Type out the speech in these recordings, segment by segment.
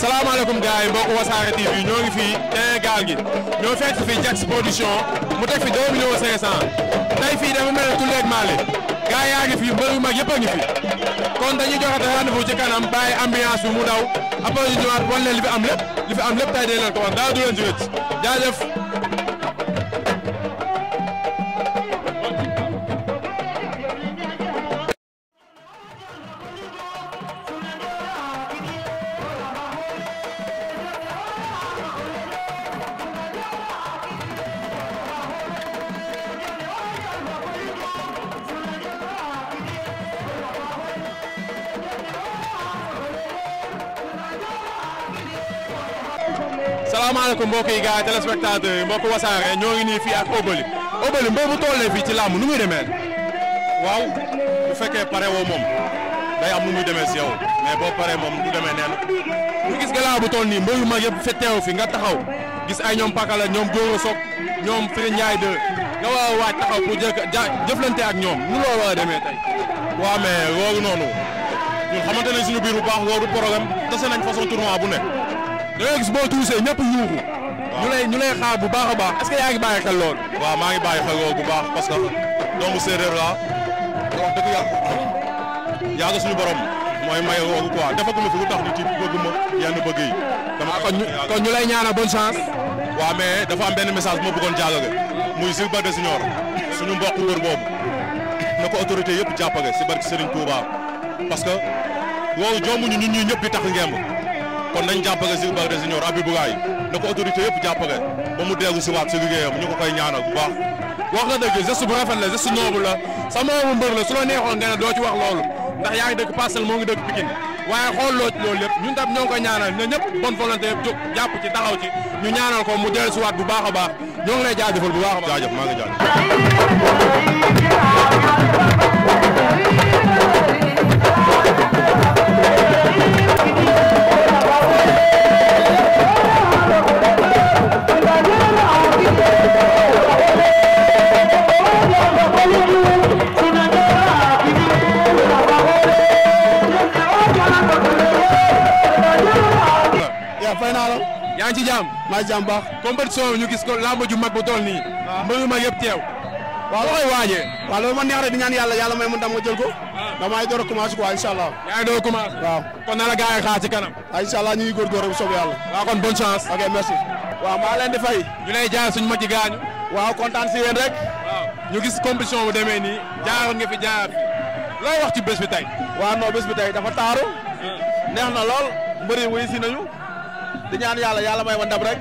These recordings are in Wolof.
salaamaaleykum gars yi mbokk wasaare TV ñoo ngi fii tey gaal gi ñoo fekk fi Jax production mu teg fi 2 millions 500 tey fii dafa mel ne tulleeg maale gars yaa ngi fi mbër mag yëpp a fi kon dañuy joxe rendez-vous ci kanam bàyyi ambiance mu daw a ñu ñëwaat wan leen li fi am lépp li fi am lépp tey dee ko wax dara du leen ci wécc jaajëf. salaamaaleykum mbokk yi gars yi téléspectateurs yi mbokk wasaare ñoo ngi nii fii ak Obeuly Obeuly mbër bu tollee fii ci làmb nu muy demee waaw bu fekkee pare woo moom day am nu muy demee si yow mais boo paree moom du demee neen ñu gis galaa bu toll nii mbër yu mag yëpp fi nga taxaw gis ay ñoom pakala ñoom Goro Sock ñoom Serigne Ndiaye de nga war a waaj taxaw pour jëflante ak ñoom nu loo war a demee tey waaw mais loolu noonu ñun xamante nañ suñu biir bu baax nañ façon tournoi bu nekk da ngay gis boo ñëpp yuuxu. ñu lay ñu lay bu baax a baax est-ce que yaa ngi bàyyi xel maa ngi bàyyi xel bu baax parce que doomu séeréer la wax dëgg yàlla yàlla suñu borom mooy maye woogu quoi defaguma fi lu tax nit yi bëgguma yenn bëgg yi. dama ah, kon ñu kon ñu lay ñaanal bonne chance. waaw mais dafa am benn message bu ma bëggoon jàllale muy Jules Baldé Junior suñu mbokk mbër boobu na ko autorité yëpp jàppale si barke Serigne Touba parce que loolu joomuñu ñun ñii ñëpp di tax ngemb kon nañ jàppale Jules Baldé Junior Habib Bougaye na ko autorité yëpp jàppale ba mu dellu si waat si liggéeyam ñu ko koy ñaanal bu baax. wax na dëgg geste bu rafet la geste noble la sa moromu mbër la su la neexoon nga ne doo ci wax loolu ndax yaa ngi dëkk moo ngi dëkk Pikine waaye xool loo ci loolu yëpp ñun tam ñoo ngi ñaanal ñun ñëpp bonne volonté yëpp jóg jàpp ci taxaw ci ñu ñaanal ko mu dellu si waat bu baax a baax ñoo lay lay jaajëfal bu baax a baax. jaajëf maa ngi yaa ngi ci jàmm maa ngi ci jàmm baax compétition ñu gis ko làmb ju mag bu toll nii mbëru mag yëpp teew waaw loo a ah. a commencé la gars yi xaar ci kanam waaw ah, incha allah ñu ngi góorgóorlu bu soobee yàlla kontaan si yéen rek waaw ñu gis compétition bu nga fi jaar looy wax ci bés bi tey dafa taaru ah. neex na lool mbëri wuy si nañu di ñaan yàlla yàlla may ma ndam rek.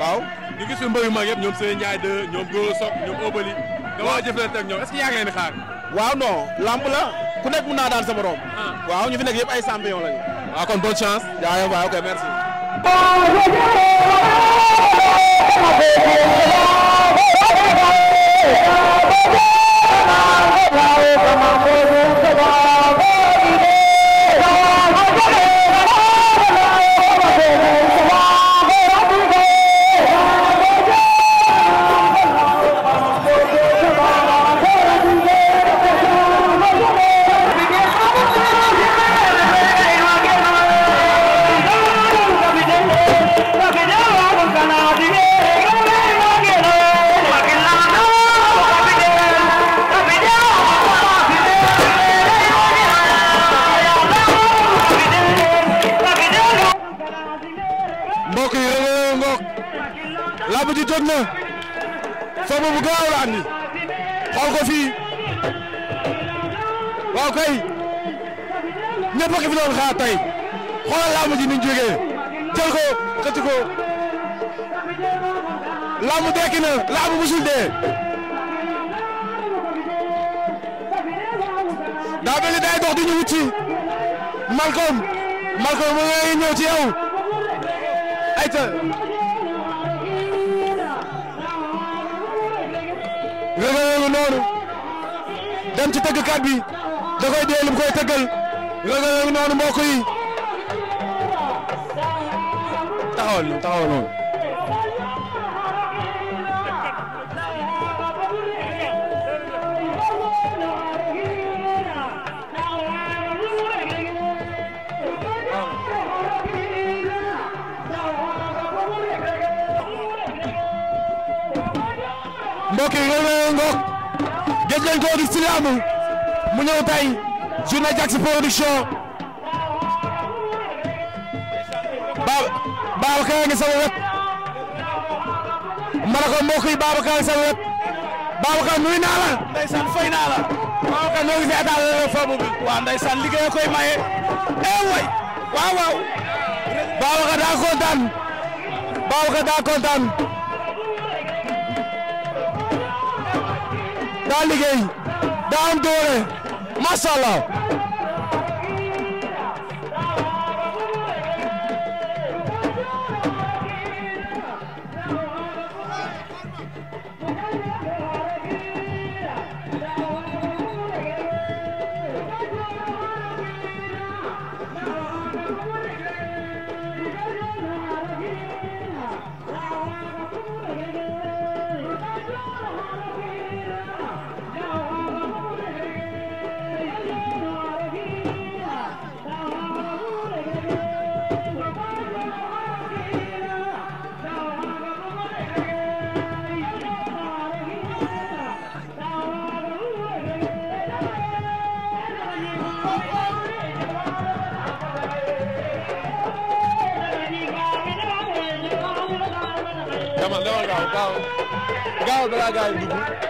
waaw ñu gis suñu mbër yu mag yëpp ñoom Seye Ndiaye 2 ñoom Goro Sock ñoom Obali. nga war a jëflante ñoom waaw non lamb la ku nekk mun naa daan sama morom. waaw ñu fi nekk yëpp ay champion lañu. waaw kon bonne chance. jaajëf waay ok merci. ñëwaat na soobu bu gaaw la andi xool ko fii waaw kay ñëpp a fi doon xaar tey xoolal laamu ji ni ñu jógee ko xëcc ko laamu dekki na laamu musul dee daa mel ni day dox du ñu wut ci Malcom Malcom mu ngi ñëw ci yow ayca. rëgg-rëgg noonu dem bi da koy dee lu koy tëggal rëgg-rëgg noonu mbokk yi gëj nañ koo gis ci làmb mu ñëw tey journée Jax production ba Babacar a ngi sama wet Mbarako mbokk yi Babacar a ngi sama wet Babacar nuyu naa la. ndeysaan naa la. Babacar ñoo ngi la forme koy maye. eh way waaw waaw. Babacar daa kontaan Babacar daa kontaan. daa liggéey daa am doole allah gaaw balaa gars yi dugg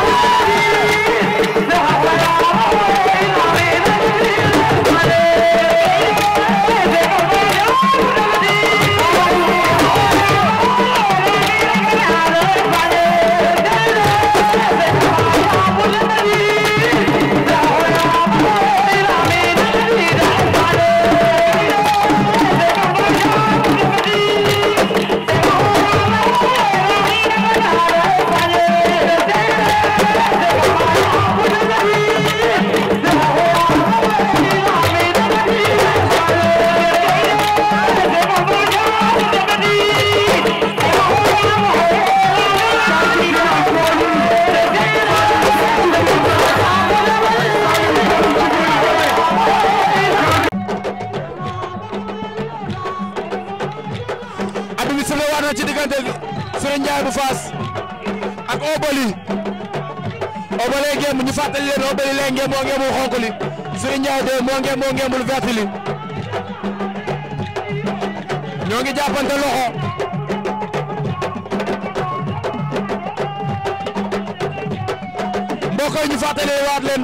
arbitre sifle waat na ci diggante Serigne Ndiaye bu Fass ak Obali Obali ngeen ñu fàttali leen Obali lee ngeen moo ngeen mu xonk li Serigne Ndiaye de moo ngeen moo ngeen mu vert li ñoo ngi jàppante loxo mbokk yi ñu fàttali waat leen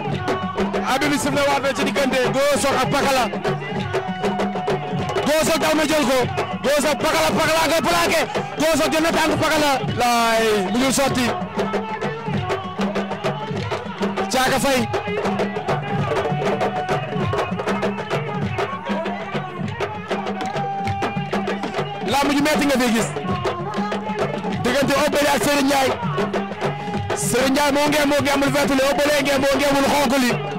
arbitre sifle waat na ci diggante Gora Sock ak Pakala Gora Sock daw na jël Doosa Pakala Pakala ngay plaqué Doosa jël na tànk Pakala laay mu ñu sotti Caaka Fay lamb ju metti nga fi gis diggante Obele ak Serigne Ndiaye Serigne Ndiaye moo ngeem moo ngeemul vert li Obele ngeem moo ngeemul xonk li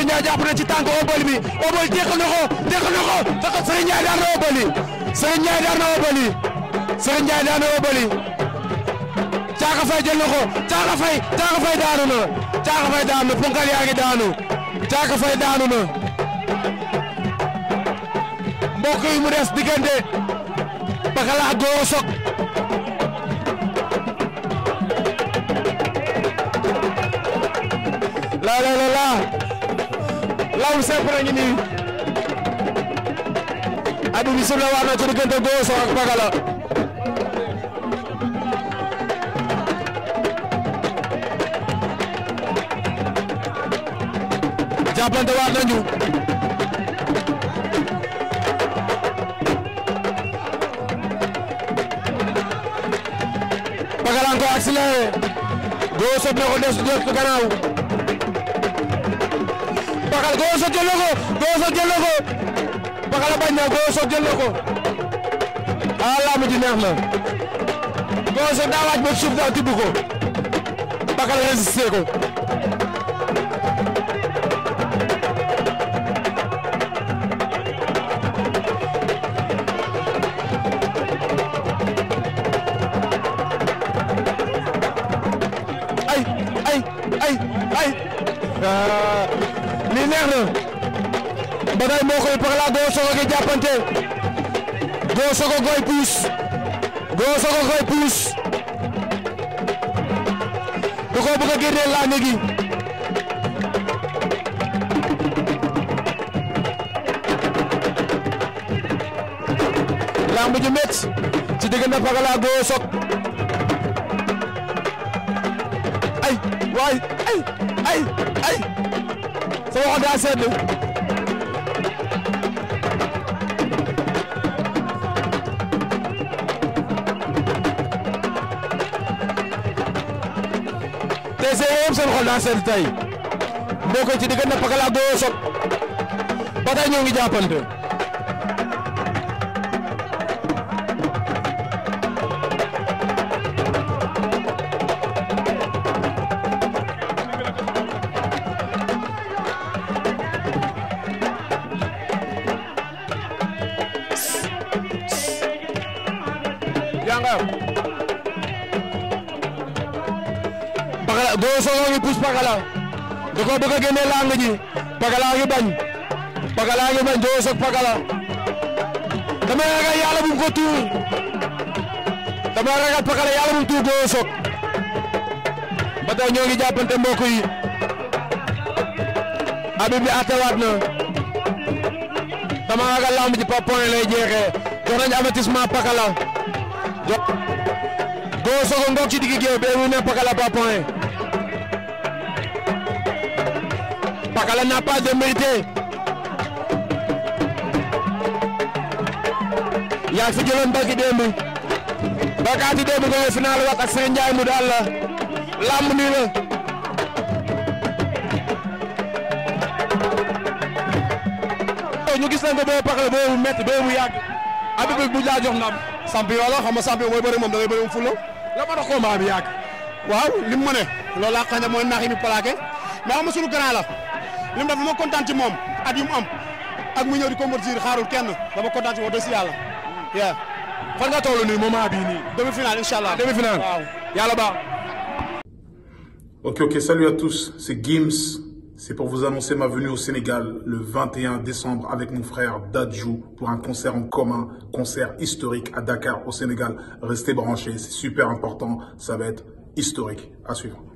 Serigne Ndiaye jàpp na ci tànk Obeuly mi Obeuly teqal na ko teqal na ko fekk Serigne Ndiaye daan na Obeuly Serigne Ndiaye daan na Obeuly Serigne Ndiaye daan na Obeuly Caaka Faye jël na ko Caaka Faye Caaka Faye daanu na Caaka Faye daanu na ponkal yaa ngi daanu Caaka Faye daanu na mbokk yi mu des diggante Pakala ak Goro Sock la la la la laaw simple a ngi a abi bi sifle waat na ci diggante Goso ak Pakala jàppante waat nañu Pakala ko accéléré Goso ne ko des jot gannaaw Pakala Gora Sock jël na ko Gora Sock jël na ko Pakala bañ a Gora Sock jël a ko ah laamu ji neex na Gora Sock daa waaj ba suuf daal tibb ko Pakala résisté ko. ay ay ay ay. Ah. neex na Bagaye moo koy par la Gora Sogo gi jàppante Gora Sogo koy puus Gora Sogo koy puus da koo bëgg a génnee laa ngi lamb ji métti ci diggante Pakala Gora Sogo ay waay ay ay sama xol daa sedd TCS yëpp seen xol daa sedd tey mbokk ci diggante Pakala ak Gora Sock ba tey ñoo ngi jàppante Pakala da koo bëgg Pakala ngi bañ Pakala ngi bañ doo sëg Pakala dama ragal yàlla bu ko tuur dama ragal Pakala yàlla bu tuur doo sëg ba tey ñoo ngi jàppante mbokk yi Habib na dama ragal làmb ji par point lay jeexee jox nañu Pakala doo sëg ngoog ci digg géew bi mu Pakala par Pakala n'a pas démérité yaa fi jëloon barki démb bakaati démb nga ne final wax ak seen njaay mu daal la làmb nii la ñu gis nañ ko boobu Pakala boobu métti boobu yàgg abi bi bu laa jox ndam champion la xam nga mooy bëri moom da ngay bëri fulla la ma dox combat bi yàgg waaw li ma ne loolu laa xam ne mooy naax yi mi plaqué mais xam nga la li mu def dama kontaan ci moom di convertir xaarul kenn dama kontaan ci moom dëgg si yàlla. yaa fan nga toll demi finale incha demi finale waaw yàlla baax. ok salut à tous c'est Gims c'est pour vous annoncer ma venue au Sénégal le 21 décembre avec mon frère Dadju pour un concert en commun concert historique à Dakar au Sénégal restez branchés c'est super important ça va être historique à suivre.